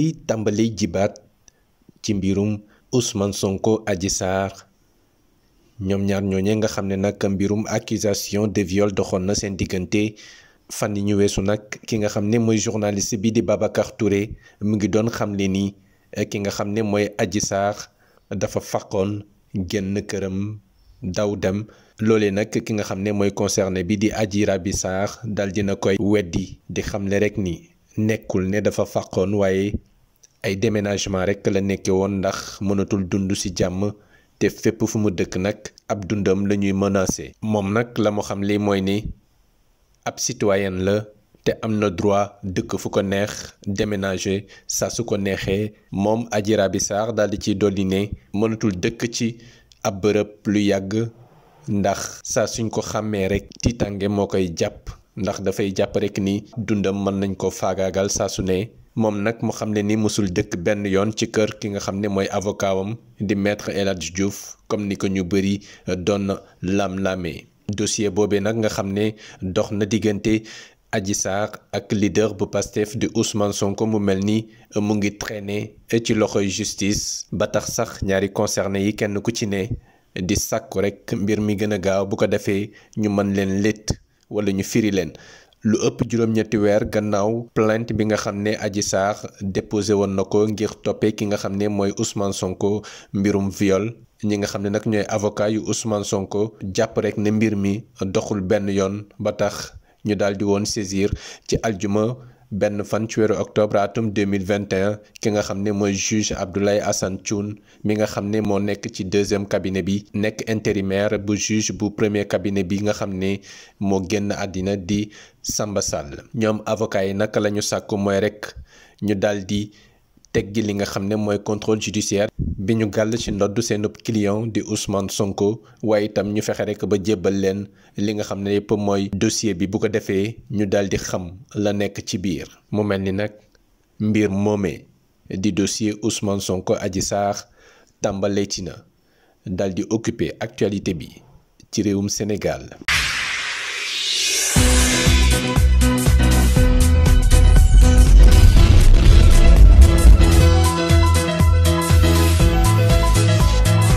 li tàmbali jibaat ci mbirum Ousmane Sonko Adji saax ñoom ñaar ñooñee nga xam ne nag mbirum accusation de viol doxoon na seen diggante fan yi ñu weesu nag ki nga xam ne mooy journaliste bi di Babacar Touré mu ngi doon xamle nii eh, ki nga xam ne mooy aji saax dafa faqoon genn këram daw dem loole nag ki nga xam ne mooy conserne bi di Adji Raby Sarr dal dina koy weddi di xamle rek ni nekkul ne dafa faqoon waaye ay déménagement rek la nekke woon ndax mënatul dund ci jàmm te fépp fu mu dëkk nag ab dundam la ñuy menacé moom nag la mu xam li mooy ni ab citoyen la te am na droit dëkk fu ko neex déménager saa su ko neexee moom ajira bi Sarr daal di ciy dolli ne mënatul dëkk ci ab bërëb lu yàgg ndax saa suñ ko xàmmee rek tiitange moo koy jàpp ndax dafay jàpp rek ni dundam mën nañ ko faagaagal saa su ne moom nag mu xam ne ni mësul dëkk benn yoon ci kër ki nga xam ne mooy avocat di maître El Hadj Diouf comme ni ko ñu bëri doon lam-lamee dossier boobe nag nga xam ne dox na diggante aji Sarr ak leader bu Pastef di Ousmane Sonko mu mel ni mu ngi traîner ci loxoy justice ba tax sax ñaari concerné yi kenn ku ci ne di sàkku rek mbir mi gën a gaaw bu ko defee ñu mën leen létt wala ñu firi leen lu ëpp juróom-ñetti weer gannaaw plainte bi nga xam ne Adji Sarr déposé woon na ko ngir toppee ki nga xam ne mooy Ousmane Sonko mbirum viol ñi nga xam ne nag ñooy avocat yu Ousmane Sonko jàpp rek ne mbir mi doxul benn yoon ba tax ñu daal di woon saisir ci aljuma benn fan ci weeru octobre atum 2021 ki nga xam ne mooy juge Abdoulaye Assane Thioune mi nga xam ne moo nekk ci deuxième cabinet bi nekk intérimaire bu juge bu premier cabinet bi nga xam ne moo génn àddina di Samba Sall ñoom avoca yi naka la ñu sàkku mooy rek ñu daal di gi li nga xam ne mooy contrôle judiciaire bi ñu gàll ci ndodd seen client di Ousmane Sonko waaye itam ñu fexe rek ba jébbal leen li nga xam ne yëpp mooy dossier bi bu ko defee ñu daal di xam la nekk ci biir. mu mel ni nag mbir moomee di dossier Ousmane Sonko Adji Sarr tàmbaleeti na dal di occuper actualité bi ci réewum Sénégal.